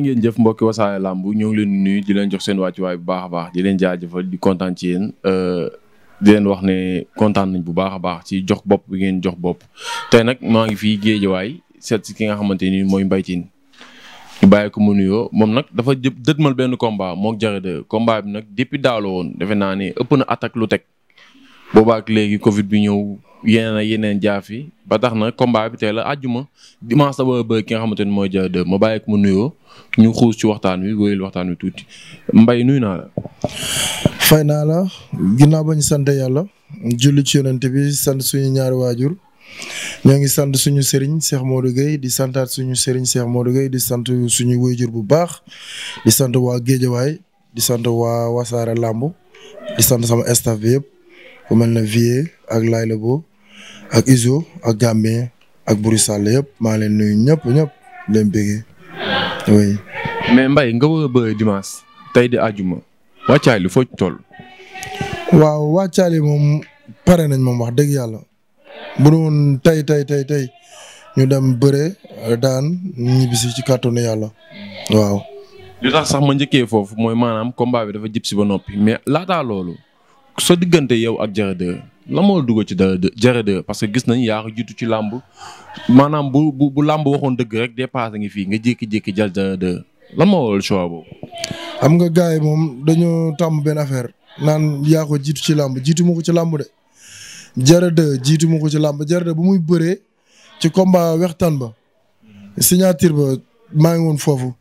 ngeen jëf mbokki wasaare làmb ñoo ngi leen di di leen jox seen wàccuwaay bu baax a baax di leen jaajëfal di kontaan ci yéen euh, di leen wax ne kontaan nañ bu baax a baax ci jox bopp bi ngeen jox bopp. te nag maa ngi fii géejawaay seet si ki nga xamante ni mooy mbaytin Tine ñu bàyyi ko mu nuyoo moom nag dafa jë mal benn combat moo Jalle de combat bi nag depuis daalo woon defe naa ne ëpp na attaque lu teg boobaak léegi Covid bi ñëw yeneen ak yeneen jaaf yi ba tax na combat bi tey la àjjuma dimanche sama bëgg ki nga xamante ni mooy Dia ma bàyyi ko mu nuyoo ñu xuus ci waxtaan wi wéyal waxtaan wi tuuti Mbaye nuyu naa la. fay naa la ginnaaw ba ñu sant yàlla julli ci yonent bi sant suñu ñaari waajur ñoo ngi sant suñu sëriñ Cheikh Modou di santaat suñu sëriñ Cheikh Modou Gueye di sant suñu waajur bu baax di sant waa Géejawaay di sant waa Wasaare Lamb di sant sama staff bi yëpp. ku mel ne Vieux ak Laylabo ak Izo ak Gambien ak Buri Sall yëpp maa leen nuyu ñëpp ñëpp leen bëggee oui. mais Mbaye nga war a bëre dimanche tey di àjjuma wàccaay li foo ci waaw wàccaay moom pare nañ moom wax dëgg yàlla bu tey tey tey tey ñu dem bëre daan ñibbisi ci kàttanu yàlla waaw. li tax sax ma njëkkee foofu mooy maanaam combat bi dafa jib si ba noppi mais laataa loolu. sa diggante yow ak Diarra 2 la moo dugg ci Diarra 2 parce que gis nañ yaa jiitu ci làmb maanaam bu bu bu làmb waxoon dëgg rek dépassé ngi fii nga jékki-jékki jël Diarra 2 lan moo xam nga gars yi moom dañoo tàmm benn affaire naan yaa jiitu ci làmb jiitu ma ko ci làmb de Diarra jiitu ma ci làmb Diarra 2 muy bëree ci combat waxtaan ba signature ba maa ngi woon foofu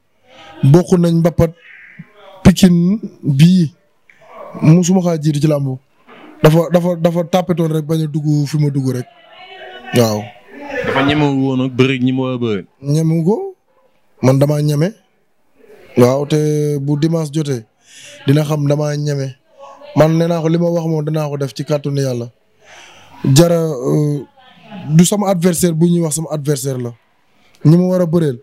bokk nañ mbapat pikin bii. musuma xaa jiitu ci làmb dafa dafa dafa tàppetoon rek bañ a dugg fi ma dugg rek waaw. dafa ñemewu woon ak ko man dama ñeme. waaw te bu dimanche jote dina xam damaa ñeme man nee naa ko li ma wax moom danaa ko def ci kàttanu yàlla jara euh, du sama adversaire bu ñuy wax sama adversaire la ñi ma war a bëreel.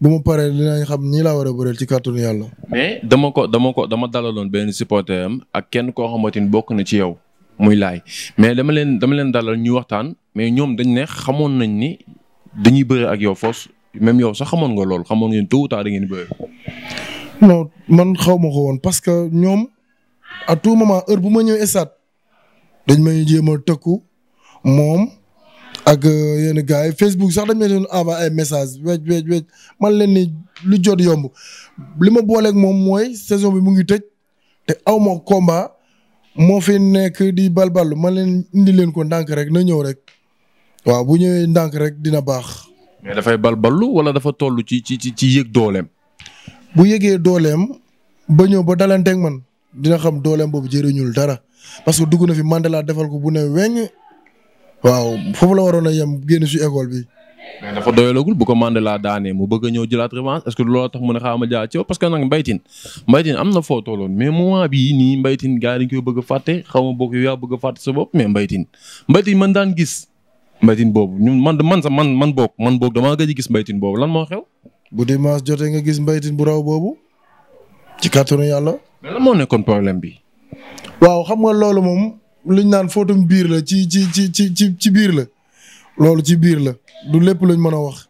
bu ma paree dinañ xam nii laa war a bëreel ci kàttanu yàlla. mais dama ko dama ko dama dalaloon benn supporter am ak kenn koo xamante ni bokk na ci yow muy laay mais dama leen dama leen dalal ñu waxtaan mais ñoom dañ ne xamoon nañ ni dañuy bëre ak yow foos même yow sax xamoon nga lool xamoon ngeen tôt ou tard da ngeen di bëre. non man xaw ma ko woon parce que ñoom à tout moment heure bu ma ñëw stade dañ ma jéem a tëkku moom. ak euh, yenn gars yi Facebook sax da ma doon message wej wej wej man leen ni lu jot yomb li ma booleeg moom mooy saison bi mu ngi tëj te aw ma combat moo fi nekk di balbal man leen indi leen ko ndànk rek na ñëw rek waaw bu ñëwee ndànk rek dina baax. mais dafay balballu wala dafa toll ci ci ci yëg dooleem. bu yëgee dooleem ba ñëw ba dalanteeg man dina xam dooleem boobu ñuul dara parce que dugg na fi Mandela defal ko bu ne weñ waaw foofu la waroon a yem génn si école bi. dafa doyalagul bu ko Mandela daanee mu bëgg a ñëw jëlaat revanche est-ce que looloo tax mu ne xaaral ma jaa ci parce que nag mbaytin mbaytin am na foo tooloon koy bëgg a fàtte xaw ma bokk yow yaa bëgg fàtte sa bopp mbaytin mbaytin man daan gis mbaytin boobu ñun man man sa man man boog man boog damaa gëj a gis mbaytin boobu lan moo xew. bu dimanche jotee nga gis mbaytin bu raw boobu ci kàttanu yàlla. mais lan moo nekkoon problème bi. waaw xam nga loolu liñ naan fóotum biir la ci ci ci ci ci biir la loolu ci biir la du lépp lañ mën a wax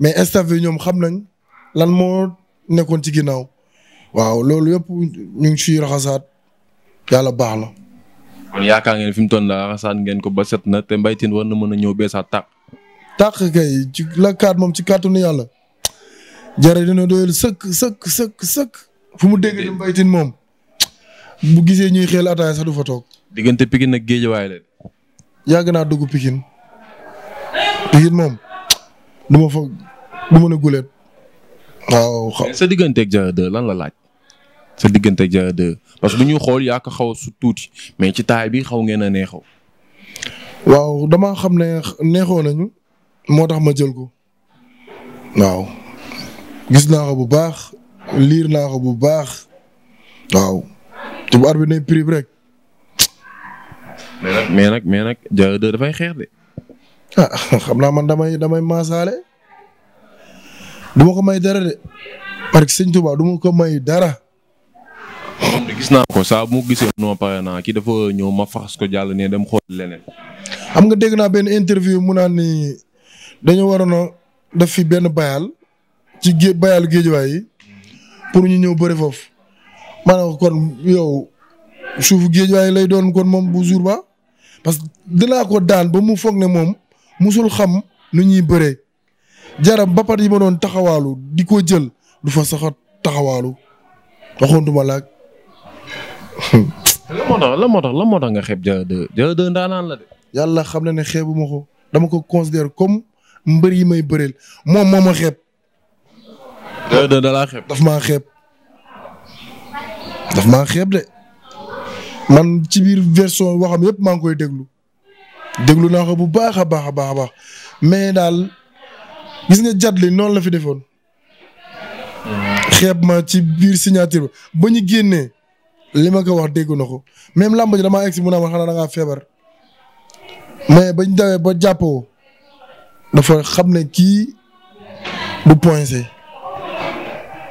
mais staff yi ñoom xam nañ lan moo nekkoon ci ginnaaw waaw loolu yëpp ñu ngi ciy raxasaat yàlla baax na. kon yaakaar ngeen fi mu toll la raxasaat ngeen ko ba set na te Mbaye war na mën a ñëw beesaat tàq. tàq kay ci la kaat moom ci kàttanu yàlla jare dina doyal sëkk sëkk sëkk sëkk fu mu dégg Mbaye Tine moom. bu gisee ñuy xeel ataaya sax du fa toog. diggante Pikine ak Géejawaay la. yàgg naa dugg Pikine. Pikine moom duma ma fa du ne guleet. waaw xaw sa diggante Diarra 2 lan la laaj. sa diggante Diarra 2 parce que bu ñuy xool yaa ko xaw a su tuuti mais ci taay bi xaw ngeen a neexaw. waaw dama xam ne neexoo nañu. moo tax ma jël ko. waaw. gis naa ko bu baax. liir naa ko bu baax. waaw te bu arbitre ne prix rek. mais nag mais nag Dia dafay xeex de. ah xam naa man damay damay maasaale. du ma ko may dara de parce que sëñ Touba du ko may dara. gis naa ko saa bu ma gisee non pare naa ki dafa ñëw ma faxas ko jàll ne dem xool leneen. xam nga dégg naa benn interview mu naan ni dañoo waroon a def fi benn bayal ci gée bayal géejuwaay pour ñu ñëw bëri foofu. maanaam kon yow suufu géej waaye lay doon kon moom bu jur ba parce que dinaa ko daan ba mu foog ne moom musul xam nu ñuy bëree jarab bapat yi ma doon taxawaalu di ko jël du fa sax taxawaalu waxoontuma laag. lan moo tax moo tax lan moo tax nga xeeb Diarra 2 la de. yàlla xam na ne xeebu ma dama ko considère comme mbër yi may bëreel moom moo ma xeeb. Diarra 2 da laa xeeb daf maa xeeb de man ci biir version waxam yëpp maa ngi koy déglu déglu naa ko bu baax a baax a baax a baax mais daal gis nga jàdli noonu la fi defoon. xeeb ma ci biir signature ba ñu génnee li ma ko wax déggu na ko même lamba ji damaa egsi mu naa ma xanaa da feebar mais bañ dawee ba jàppoo dafa xam ne kii du poincé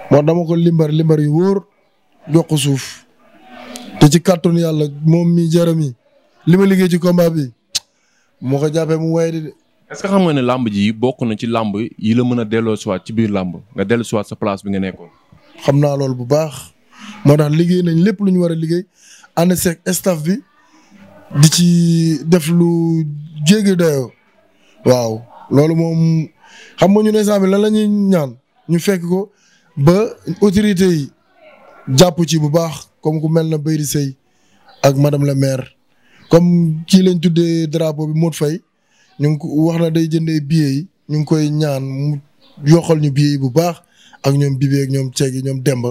moo dama ko limbar limbar yu wóor. doq suuf te ci kàttanu yàlla moom mi Jérémy li ma liggéey ci kombaa bi moo ko jàppee mu waye de. est-ce que xam nga ne làmb ji bokk na ci làmb yi la mën a delloo siwaat ci biir làmb nga dellu siwaat sa place bi nga nekkoon. xam naa loolu bu baax moo tax liggéey nañ lépp lu ñu war a liggéey ànd seeg staff bi di ci def lu jéggi dayoo waaw loolu moom xam nga ñu ne saa la ñuy ñaan ñu fekk ko ba autorité yi. jàpp ci bu baax comme ku mel na Bayri Sey ak madame la maire comme kii lañ tuddee drapeau bi Modou fay ñu ngi wax na day jëndee billets ñu ngi koy ñaan mu yokkal ñu billets bu baax ak ñoom bibi ñoom ceeg ñoom demb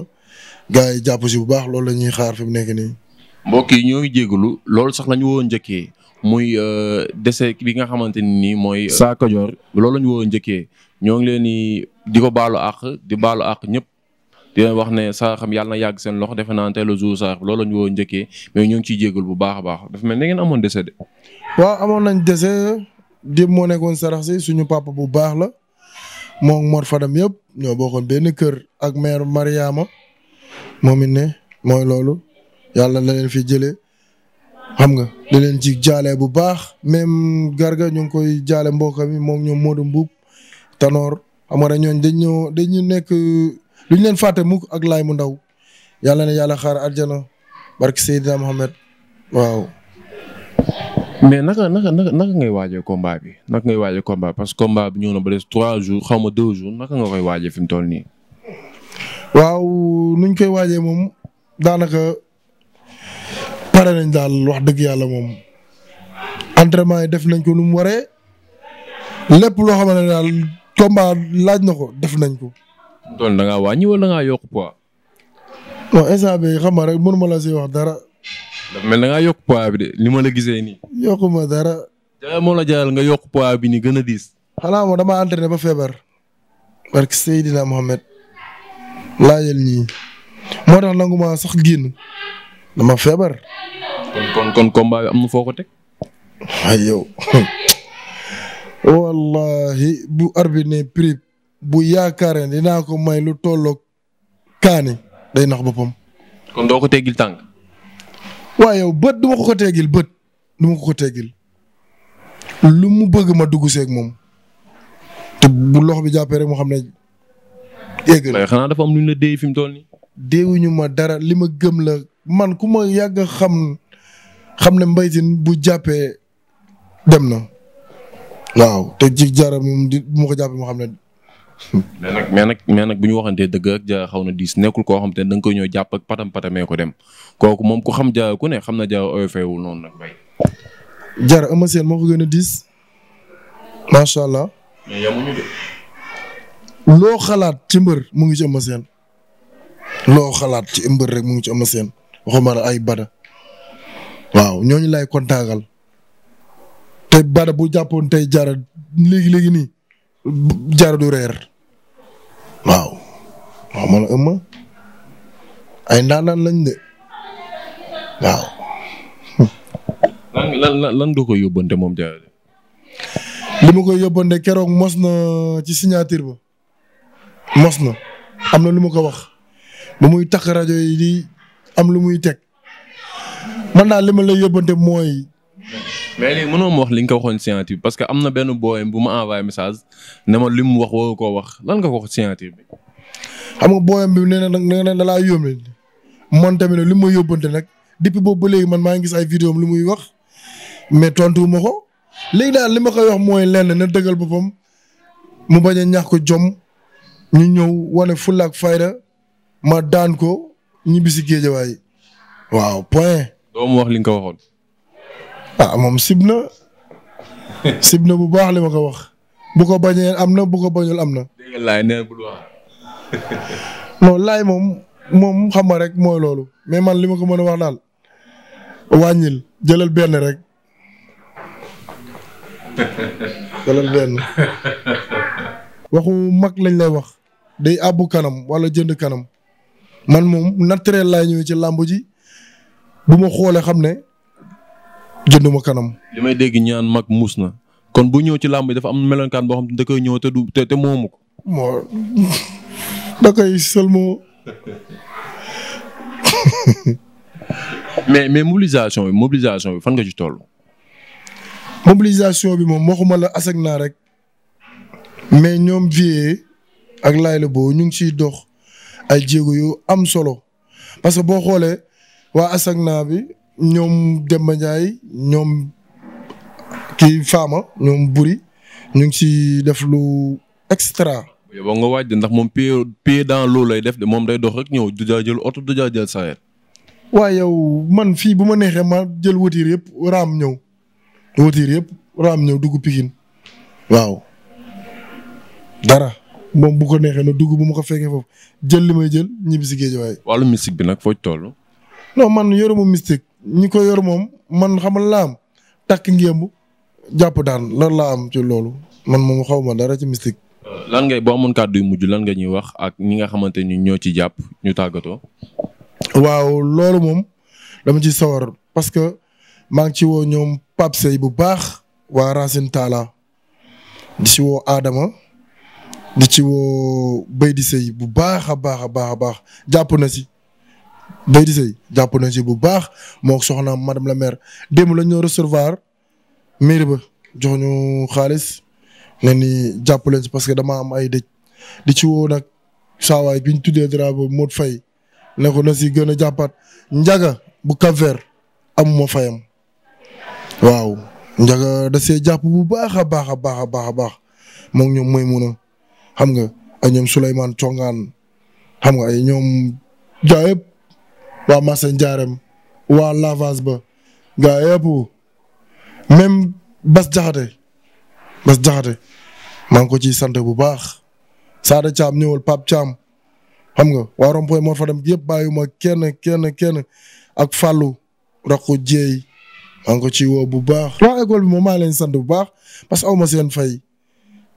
gars jàpp si bu baax loolu la ñuy xaar fi mu nekk nii. mbokk yi ñoo ngi jégalu loolu sax la ñu woo njëkkee muy euh, dese bi nga xamante ni nii mooy. Sa Kajoor loolu la ñu woo njëkkee ñoo ngi leen di di ko baalu àq di baalu àq ñëpp. di wax ne saraxam yàlla na yàgg seen loxo defe naa tey le jour sarax bi loolu woo njëkkee mais ñu ngi ciy bu baax baax dafa mel ni amoon décès de. waaw amoon nañ décès di moo nekkoon sarax si suñu papa bu baax la moom Mor Fadam yëpp ñoo bokkoon benn kër ak mère Mariama moom it ne mooy loolu yàlla la leen fi jële xam nga di leen ci jaale bu baax même garga ñu ngi koy jaale mbokk mi moom ñoom Modou Mbuub Tanor xam nga ñooñ dañ ñoo nekk lu ñu leen fàtte mukk ak laay mu ndaw yàlla na yàlla xaar àjjana barke Seydina Mohamed waaw. mais naka naka naka ngay waajee combat bi naka ngay waajee combat parce que combat bi ñëw na ba des trois jours xaw ma deux jours naka nga koy waajee fi mu toll nii. waaw nuñ koy waajee moom daanaka pare nañ daal wax dëgg yàlla moom entraînement yi def nañ ko nu mu waree lépp loo xamante ne daal combat laaj na ko def nañ ko. toll da ngaa wàññi wala da ngaa yokk poids. non instant bi xam nga rek mënu ma la si wax dara. dafa mel da ngaa yokk poids bi de ni ma la gisee nii. yokku ma dara. jaay moo la jaayal nga yokk poids bi ni gën a diis. xanaa moom dama entraîné ba feebar. barke Seydina Mohamed. laajal ñii. moo tax nangu ma sax génn. dama feebar. kon kon kon bi am foo ko teg. ay wallahi bu arbitre ne bu yaakaaree dinaa ko may lu tolloog kaani day nax boppam. kon doo ko teggil tànk. waaye yow bët du ko ko teggil bët du ma ko ko teggil lu mu bëgg ma dugg seeg moom te bu loxo bi jàppee rek moo xam ne yegg na. xanaa dafa am lu ñu la dee fi tol toll nii. deewuñu ma dara li ma gëm la man ku ma yàgg xam xam ne Mbaye Tine bu jàppee dem na waaw te ci jaara moom di ko jàppee moo xam ne. mais nag mais nag bu ñu waxantee dëgg ak a xaw na diis nekkul koo xam te ne da nga koy ñëw jàpp ak patam patamee ko dem kooku moom ko xam Dia ku ne xam na Dia oyofeewul noonu nag bay moo ko gën a diis macha loo xalaat ci mbër mu ngi ci Eumeu loo xalaat ci mbër rek mu ngi ci Eumeu Sène waxuma la ay bada waaw ñooñu lay kontaagal te bada bu jàppoon tey jaara léegi léegi nii jaara du reer. waaw waaw man ëmma ay ndaanaan lañ de waaw. lan lan lan nga koy yóbbante moom Diallo. li ma koy yóbbante keroog mos na ci signature ba mos na am na lu ma ko wax ba muy takk rajo yi di am lu muy teg man daal li ma lay yóbbante mooy mais léegi mënoo ma wax li nga ko waxoon scientifique parce que am na benn booyam bu ma envoyé message ne ma li mu wax woo koo wax lan nga wax scientifique bi. xam nga booyam bi nee na nee na da laa yónnee man tamit li ma yóbbante nag depuis boobu ba léegi man maa ngi gis ay vidéo am lu muy wax mais tontu ma ko léegi daal li ma koy wax mooy lenn na dëggal boppam mu bañ a ñax ko jom ñu ñëw wane fulla ak fayda ma daan ko ñibbi si géejawaay waaw point. doo mu wax li nga ko waxoon. ah moom sib na sib na bu baax li ma ko wax. bu ko bañee am na bu ko bañul am na. dégg nga laay laay moom moom xam nga rek mooy loolu mais man li ma ko mën a wax daal wàññil jëlal benn rek. jëlal benn. waxu mag lañ lay wax. day àbbu kanam wala jënd kanam. man moom naturel laay ñëwee ci làmb ji bu ma xoolee xam ne. jënduma kanam. li may dégg ñaan mag muus na kon bu ñëw ci làmb bi dafa am melokaan boo xam ne da koy ñëw te du te te moomu ko. moo da koy mais mais mobilisation bi mobilisation bi fan ci toll. mobilisation bi moom waxuma la asag naa rek mais ñoom vie ak Layla boo ñu ngi ciy dox ay jéego yu am solo parce que boo xoolee waa asag naa bi. ñoom Demba Ndiaye ñoom kii faama ñoom Buri ñu ngi si def lu extra. yow nga waaj de ndax moom pied pied dans lay def de moom day dox rek ñëw du jaa oto du jaa jël waaye yow man fii bu ma neexee ma jël wotiir yëpp raam ñëw wotiir yëpp raam ñëw dugg Pikine waaw dara. moom bu ko neexee na dugg bu ma ko fekkee foofu jël li may jël ñibbi si géej waaye. wàllu mystique bi nag foo ci toll. non man yoruma mystique ñi ko yor moom man xamal laa am takk ngémb jàpp daan lan laa am ci loolu man moom xaw ma dara ci mystique. lan ngay boo amoon kàddu yu mujj lan nga ñuy wax ak ñi nga xamante ni ñoo ci jàpp ñu tàggatoo. waaw loolu moom dama ci sawar parce que maa ngi ci woo ñoom Pape Sey bu baax waa Racine Talla di ci woo Adama di ci woo Baydi Sey bu baax a baax a baax a baax jàpp na si. day di sëy jàpp na si bu baax moo soxna madame la maire démb la ñoo recevoir mairie ba jox ñu xaalis ne ni jàpp leen si parce que dama am ay dëj di ci woo nag saawaay bi ñu tuddee drapeau Modou Faye ne ko na si gën a jàppat njaga bu Cap-Vert amuma fayam waaw njaga da see jàpp bu baax a baax a baax a baax a baax moom ñoom mooy mun a xam nga ay ñoom Souleymane Congaan xam nga ay ñoom jaayëpp waa Marché Ndiarème waa lavage ba gaa yëpp même Bas Jaxate Bas Jaxate maa ngi ko ciy sant bu baax Sada Thiam ñëwal Pape Thiam xam nga waa Rompoy moo fa dem yëpp bàyyiwuma kenn kenn kenn ak Fallou Rakku Jéey maa ko ciy woo bu baax waa école bi moom maa leen sant bu baax parce que aw fay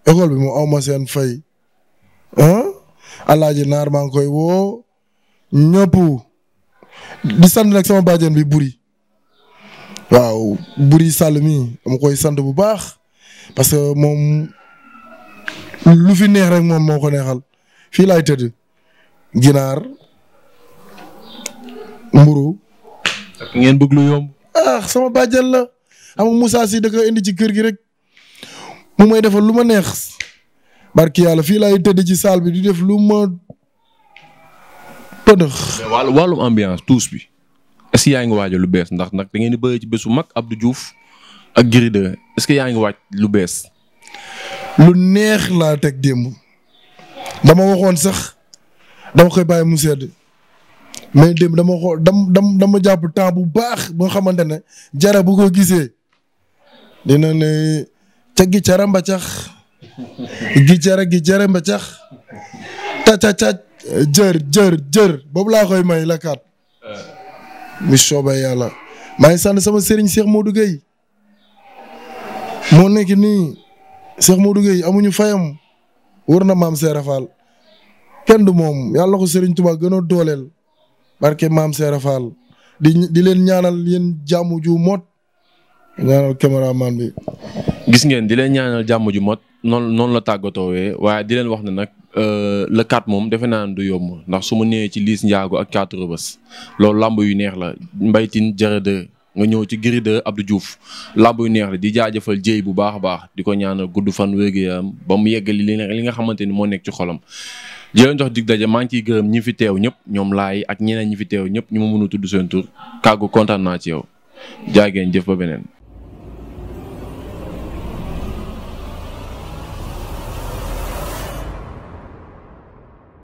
école bi moom aw ma seen fay ah Alaaji Naar maa ngi koy woo di sant nag sama bàjjen bi Buri waaw Buri Sall mi dama koy sant bu baax parce que moom lu fi neex rek moom moo ko neexal fii laay tëdd ginaar mburu ngeen bëgg lu yomb. ah sama bàjjen la xam nga Moussa si da ko indi ci kër gi rek mu may defal lu ma neex barki yàlla fii laay tëdd ci saal bi di def lu ma tëdëx. mais wàllum ambiance tuus bi est ce yaa ngi waajal lu bees ndax nag da ngeen di bëri ci bésu mag Abdou juuf ak Gris 2 que yaa ngi waaj lu bees. lu neex laa teg démb dama waxoon sax dama koy bàyyi mu sedd mais démb dama xool dam dama jàpp temps bu baax boo xamante ne jara bu ko gisee dina ne ca gi cara mba cax gi cara gi cara mba cax jër jër jër boobu laa koy may la kat. Euh. mi soobee yàlla. maa ngi sant sama sëriñ seex Modou Gueye moo nekk nii Cheikh Modou Gueye amuñu fayam wër na maam Seera Fall kenn du moom yàlla ko sëriñ Tuubaa gën a dooleel barke maam Seera Fall di di leen ñaanal yéen jàmm ju mot ñaanal caméraman bi. gis ngeen di leen ñaanal jàmm ju mot noonu noonu la tàggatoowee waaye di leen wax na nag Euh, le 4 moom defe naa du yomb ndax su ma ñëwee ci liis njaago ak 4 Rebeuss loolu làmb yu neex la Mbaye Tine Diarra nga ñëw ci Gris 2 Abdou Diouf lamb yu neex la di jaajëfal jéy bu baax a baax di ko ñaanal gudd fan wér gu ba mu yeggali li li nga xamante ni moo nekk ci xolam. di leen jox dig daje maa ngi ciy gërëm ñi fi teew ñëpp ñoom laay ak ñeneen ñi fi teew ñëpp ñu ma mën a tudd seen tur kàggu kontaan naa ci yow jaageen jëf ba beneen.